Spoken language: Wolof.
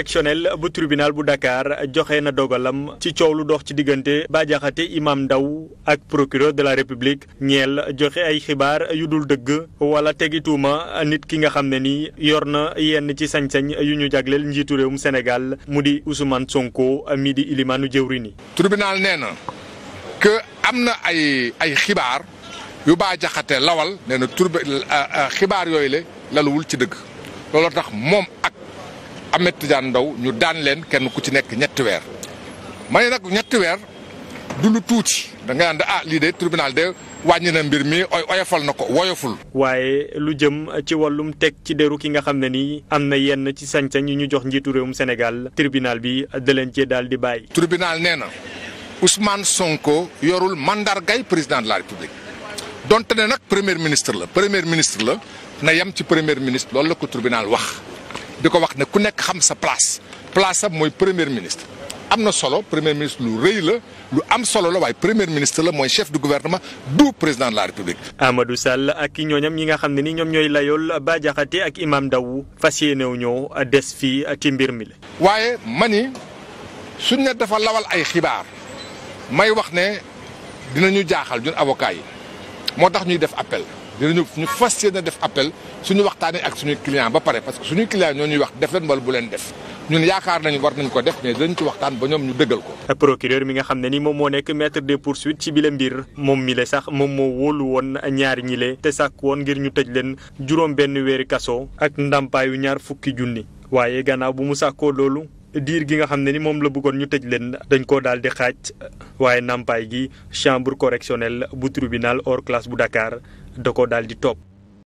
correctionnel bu tribunal bu Dakar joxe na dogalam ci coow lu dox ci diggante Bah Diakhaté Imam Ndaw ak procureur de la République ñeel joxe ay xibaar yu dul dëgg wala tegi tuuma nit ki nga xam ne ni yor na yenn ci sañ-sañ yu ñu jagleel njiitu réewum Sénégal mu di Ousmane Sonko mi di ilimaanu jëwriñ tribunal nee na que am na ay ay xibaar yu Bah Diakhaté lawal nee na tur euh, euh, xibaar yooyu la laluwul ci dëgg looloo tax moom Ahmed Tidiane ndaw ñu daan leen kenn ku ci nekk ñetti weer ma ne nag ñetti weer du lu tuuti da ngay ànd ah lii de tribunal de wàññi na mbir mi oy oyofal na ko woyoful. waaye lu jëm ci wàllum teg ci deru ki nga xam ne nii am na yenn ci sañ-sañ yu ñu jox njiitu réewum Sénégal tribunal bi da leen cee daal di bàyyi. tribunal nee na Ousmane Sonko yorul mandargay président de la République donte ne nag premier ministre la premier ministre la na yem ci premier ministre loolu la ko tribunal wax. di ko wax ne ku nekk xam sa place place am mooy premier ministre. am na solo premier ministre lu rëy la lu am solo la waaye premier ministre la mooy chef du gouvernement du président de la république. Amadou Sall ak ñooñam ñi nga xam ne ni ñoom ñooy layool Bah Diakhaté ak Imam Ndao fas new ñoo des fii ci mbir mi la. waaye ma ni suñ ne dafa lawal ay xibaar may wax ne dinañu jaaxal ñun avocat yi moo tax ñuy def appel. dinañu ñu fas yéene def appel suñu waxtaan waxtaanee ak suñuy client ba pare parce que suñuy client ñoo ñuy wax def leen wala bu leen def ñun yaakaar nañu war nañ ko def mais dinañ ci waxtaan ba ñoom ñu dëggal ko. procureur mi nga xam ne ni moom moo nekk maître des poursuites ci bile mbir moom mi la sax moom moo wóolu woon ñaari ñile te sàkk woon ngir ñu tëj leen juróom benn weeri kaso ak ndàmpaayu ñaar fukki junni waaye gannaaw bu mu sàkkoo loolu. diir gi nga xam ne ni moom la bëggoon ñu tëj leen dañ koo daal di xaaj waaye nàmpaay gi chambre correctionnelle bu tribunal hors classe bu Dakar da ko daal di topp